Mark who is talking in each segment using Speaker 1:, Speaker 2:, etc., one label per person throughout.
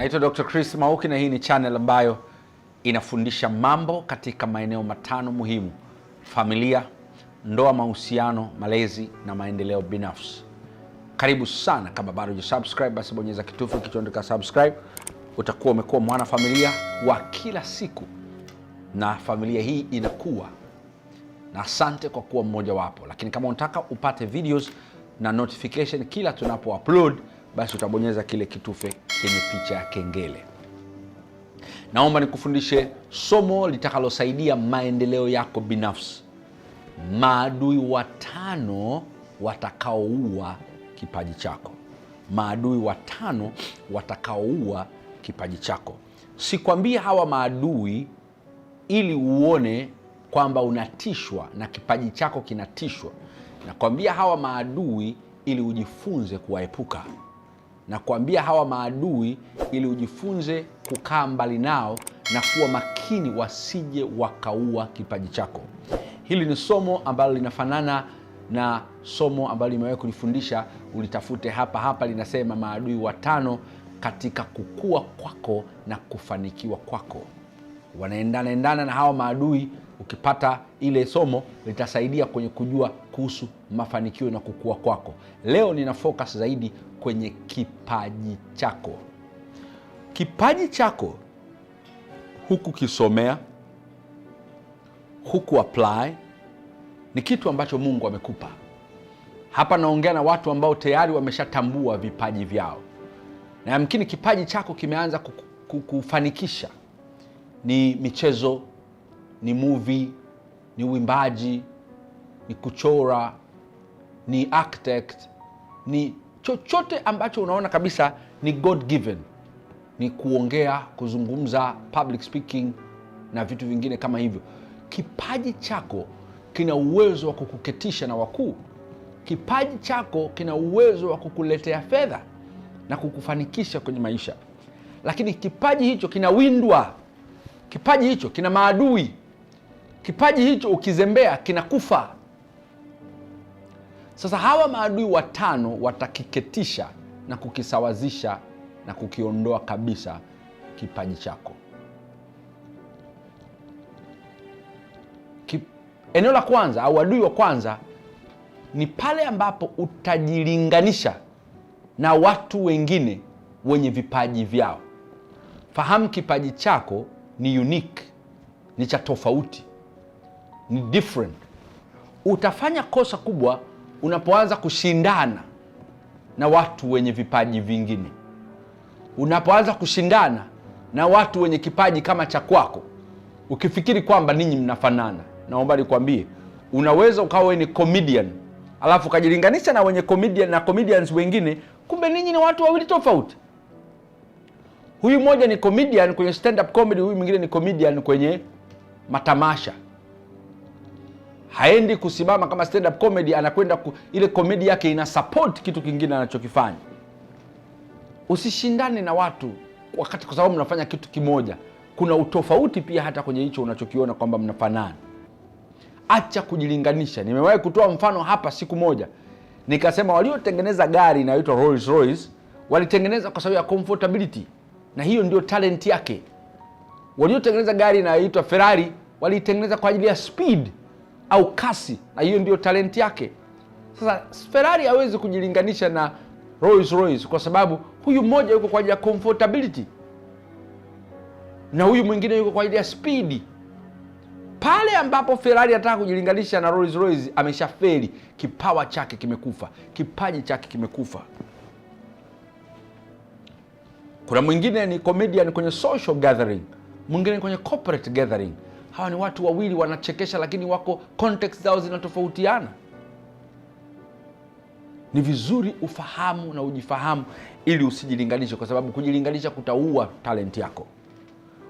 Speaker 1: Naitwa Dr. Chris Mauki na hii ni channel ambayo inafundisha mambo katika maeneo matano muhimu: familia, ndoa, mahusiano, malezi na maendeleo binafsi. Karibu sana. Kama bado hujasubscribe, basi bonyeza kitufe kilichoandika subscribe. Utakuwa umekuwa mwanafamilia wa kila siku na familia hii inakuwa, na asante kwa kuwa mmoja wapo. Lakini kama unataka upate videos na notification kila tunapo upload basi utabonyeza kile kitufe chenye picha ya kengele. Naomba nikufundishe somo litakalosaidia maendeleo yako binafsi. Maadui watano watakaoua kipaji chako. Maadui watano watakaoua kipaji chako. Sikwambie hawa maadui ili uone kwamba unatishwa na kipaji chako kinatishwa. Nakwambia hawa maadui ili ujifunze kuwaepuka na kuambia hawa maadui, ili ujifunze kukaa mbali nao na kuwa makini wasije wakaua kipaji chako. Hili ni somo ambalo linafanana na somo ambalo limewahi kulifundisha, ulitafute hapa hapa. Linasema maadui watano katika kukua kwako na kufanikiwa kwako. wanaendanaendana na hawa maadui ukipata ile somo litasaidia kwenye kujua kuhusu mafanikio na kukua kwako. Leo nina focus zaidi kwenye kipaji chako. Kipaji chako hukukisomea, huku apply, ni kitu ambacho Mungu amekupa. Hapa naongea na watu ambao tayari wameshatambua vipaji vyao, na yamkini kipaji chako kimeanza kufanikisha ni michezo ni muvi ni uimbaji, ni kuchora, ni architect, ni chochote ambacho unaona kabisa ni God given, ni kuongea, kuzungumza, public speaking na vitu vingine kama hivyo. Kipaji chako kina uwezo wa kukuketisha na wakuu. Kipaji chako kina uwezo wa kukuletea fedha na kukufanikisha kwenye maisha, lakini kipaji hicho kinawindwa, kipaji hicho kina maadui. Kipaji hicho ukizembea kinakufa. Sasa hawa maadui watano watakiketisha na kukisawazisha na kukiondoa kabisa kipaji chako. Kip... eneo la kwanza au adui wa kwanza ni pale ambapo utajilinganisha na watu wengine wenye vipaji vyao. Fahamu kipaji chako ni unique, ni cha tofauti ni different. Utafanya kosa kubwa unapoanza kushindana na watu wenye vipaji vingine, unapoanza kushindana na watu wenye kipaji kama cha kwako, ukifikiri kwamba ninyi mnafanana. Naomba nikwambie, unaweza ukawa ni comedian alafu ukajilinganisha na wenye comedian na comedians wengine, kumbe ninyi ni watu wawili tofauti. Huyu mmoja ni comedian kwenye stand up comedy, huyu mwingine ni comedian kwenye matamasha haendi kusimama kama stand up comedy, anakwenda ku, ile komedi yake ina support kitu kingine anachokifanya. Usishindane na watu wakati, kwa sababu mnafanya kitu kimoja. Kuna utofauti pia hata kwenye hicho unachokiona kwamba mnafanana. Acha kujilinganisha. Nimewahi kutoa mfano hapa siku moja, nikasema waliotengeneza gari inayoitwa Rolls Royce walitengeneza kwa sababu ya comfortability, na hiyo ndio talent yake. Waliotengeneza gari inayoitwa Ferrari walitengeneza kwa ajili ya speed au kasi, na hiyo ndio talenti yake. Sasa Ferrari hawezi kujilinganisha na Rolls Royce kwa sababu huyu mmoja yuko kwa ajili ya comfortability na huyu mwingine yuko kwa ajili ya spidi. Pale ambapo Ferrari anataka kujilinganisha na Rolls Royce ameshafeli. Kipawa chake kimekufa, kipaji chake kimekufa. Kuna mwingine ni comedian kwenye social gathering, mwingine kwenye corporate gathering hawa ni watu wawili wanachekesha, lakini wako context zao zinatofautiana. Ni vizuri ufahamu na ujifahamu ili usijilinganishe, kwa sababu kujilinganisha kutaua talent yako.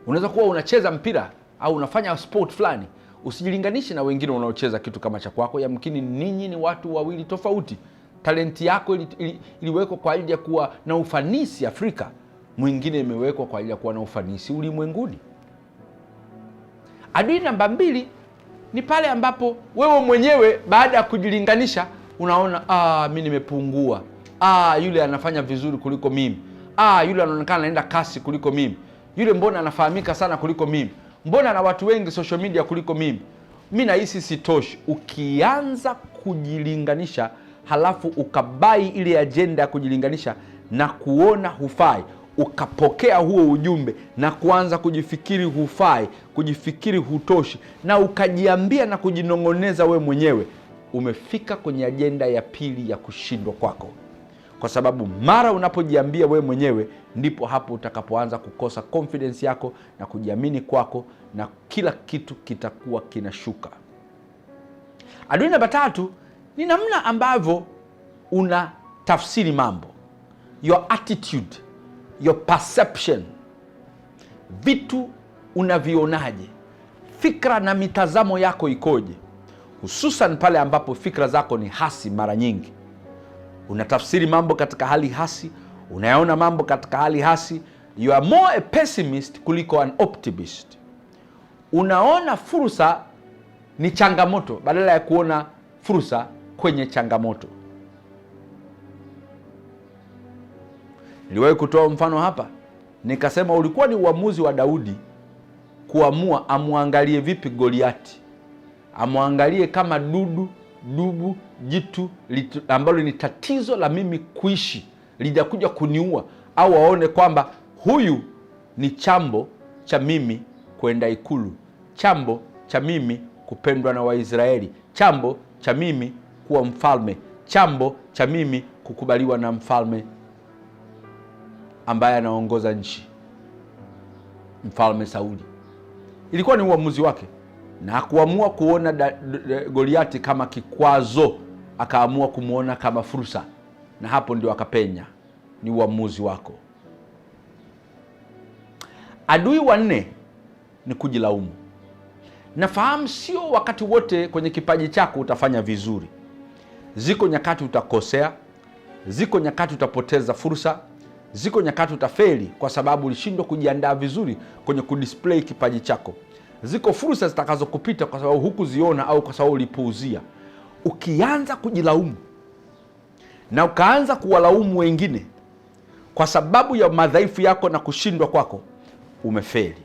Speaker 1: Unaweza kuwa unacheza mpira au unafanya sport fulani, usijilinganishe na wengine wanaocheza kitu kama cha kwako. Yamkini ninyi ni watu wawili tofauti. Talenti yako ili, ili, iliwekwa kwa ajili ya kuwa na ufanisi Afrika, mwingine imewekwa kwa ajili ya kuwa na ufanisi ulimwenguni. Adui namba mbili ni pale ambapo wewe mwenyewe baada ya kujilinganisha unaona, ah, mi nimepungua, ah, yule anafanya vizuri kuliko mimi, ah, yule anaonekana anaenda kasi kuliko mimi, yule mbona anafahamika sana kuliko mimi, mbona na watu wengi social media kuliko mimi, mi nahisi sitoshi. Ukianza kujilinganisha halafu ukabai ile ajenda ya kujilinganisha na kuona hufai ukapokea huo ujumbe na kuanza kujifikiri hufai, kujifikiri hutoshi, na ukajiambia na kujinong'oneza we mwenyewe, umefika kwenye ajenda ya pili ya kushindwa kwako, kwa sababu mara unapojiambia we mwenyewe, ndipo hapo utakapoanza kukosa confidence yako na kujiamini kwako, na kila kitu kitakuwa kinashuka. Adui namba tatu ni namna ambavyo una tafsiri mambo, your attitude your perception, vitu unavionaje, fikra na mitazamo yako ikoje, hususan pale ambapo fikra zako ni hasi. Mara nyingi unatafsiri mambo katika hali hasi, unayaona mambo katika hali hasi. You are more a pessimist kuliko an optimist. Unaona fursa ni changamoto badala ya kuona fursa kwenye changamoto. Niliwahi kutoa mfano hapa nikasema, ulikuwa ni uamuzi wa Daudi kuamua amwangalie vipi Goliati, amwangalie kama dudu dubu jitu litu, ambalo ni tatizo la mimi kuishi lijakuja kuniua, au aone kwamba huyu ni chambo cha mimi kwenda Ikulu, chambo cha mimi kupendwa na Waisraeli, chambo cha mimi kuwa mfalme, chambo cha mimi kukubaliwa na mfalme ambaye anaongoza nchi, mfalme Sauli. Ilikuwa ni uamuzi wake, na kuamua kuona da, da, da, Goliati kama kikwazo, akaamua kumwona kama fursa, na hapo ndio akapenya. Ni uamuzi wako. Adui wa nne ni kujilaumu. Nafahamu sio wakati wote kwenye kipaji chako utafanya vizuri. Ziko nyakati utakosea, ziko nyakati utapoteza fursa, Ziko nyakati utafeli kwa sababu ulishindwa kujiandaa vizuri kwenye kudisplay kipaji chako. Ziko fursa zitakazokupita kwa sababu hukuziona au kwa sababu ulipuuzia. Ukianza kujilaumu na ukaanza kuwalaumu wengine kwa sababu ya madhaifu yako na kushindwa kwako, umefeli.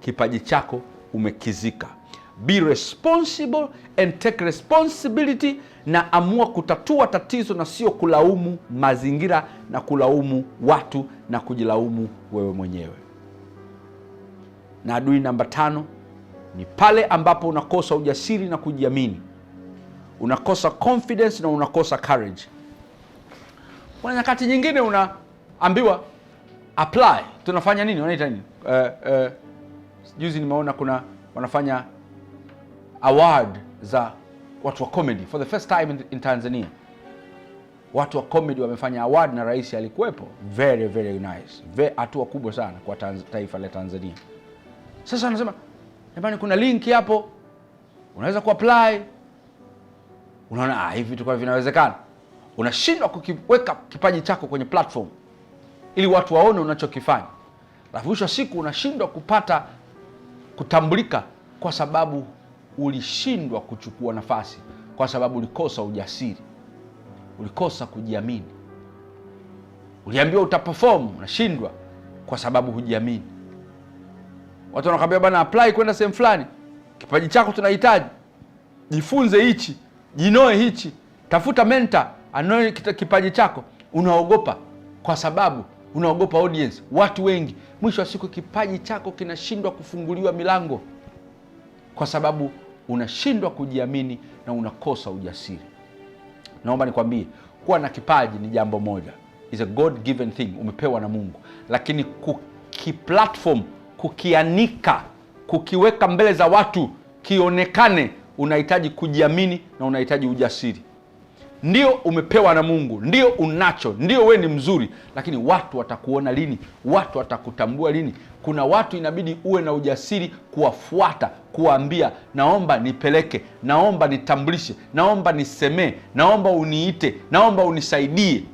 Speaker 1: Kipaji chako umekizika be responsible and take responsibility, na amua kutatua tatizo na sio kulaumu mazingira na kulaumu watu na kujilaumu wewe mwenyewe. Na adui namba tano ni pale ambapo unakosa ujasiri na kujiamini, unakosa confidence na unakosa courage. Kuna nyakati nyingine unaambiwa apply, tunafanya nini, wanaita nini? Uh, uh, juzi nimeona kuna wanafanya award za watu wa comedy for the first time in, in Tanzania. Watu wa comedy wamefanya award na rais alikuwepo. Very very nice, hatua kubwa sana kwa tanz, taifa la Tanzania. Sasa anasema jamani, kuna linki hapo, unaweza kuapply. Unaona ah, hivi vitu kwa vinawezekana. Unashindwa kukiweka kipaji chako kwenye platform ili watu waone unachokifanya, alafu mwisho wa siku unashindwa kupata kutambulika kwa sababu ulishindwa kuchukua nafasi kwa sababu ulikosa ujasiri, ulikosa kujiamini. Uliambiwa utaperform, unashindwa kwa sababu hujiamini. Watu wanakwambia bana, apply kwenda sehemu fulani, kipaji chako tunahitaji, jifunze hichi, jinoe hichi, tafuta mentor anoe kipaji chako. Unaogopa kwa sababu unaogopa audience, watu wengi. Mwisho wa siku kipaji chako kinashindwa kufunguliwa milango kwa sababu unashindwa kujiamini na unakosa ujasiri. Naomba nikwambie, kuwa na kipaji ni jambo moja, is a God given thing, umepewa na Mungu, lakini kukiplatform, kukianika, kukiweka mbele za watu kionekane, unahitaji kujiamini na unahitaji ujasiri ndio umepewa na Mungu, ndio unacho, ndio we ni mzuri, lakini watu watakuona lini? Watu watakutambua lini? Kuna watu inabidi uwe na ujasiri kuwafuata, kuwaambia, naomba nipeleke, naomba nitambulishe, naomba nisemee, naomba uniite, naomba unisaidie.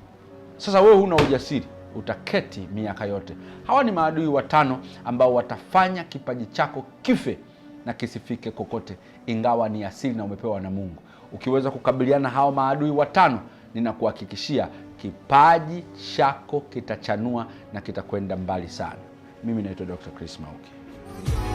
Speaker 1: Sasa wewe huna ujasiri, utaketi miaka yote. Hawa ni maadui watano ambao watafanya kipaji chako kife na kisifike kokote, ingawa ni asili na umepewa na Mungu ukiweza kukabiliana hao maadui watano, ninakuhakikishia kipaji chako kitachanua na kitakwenda mbali sana. Mimi naitwa Dr. Chris Mauki.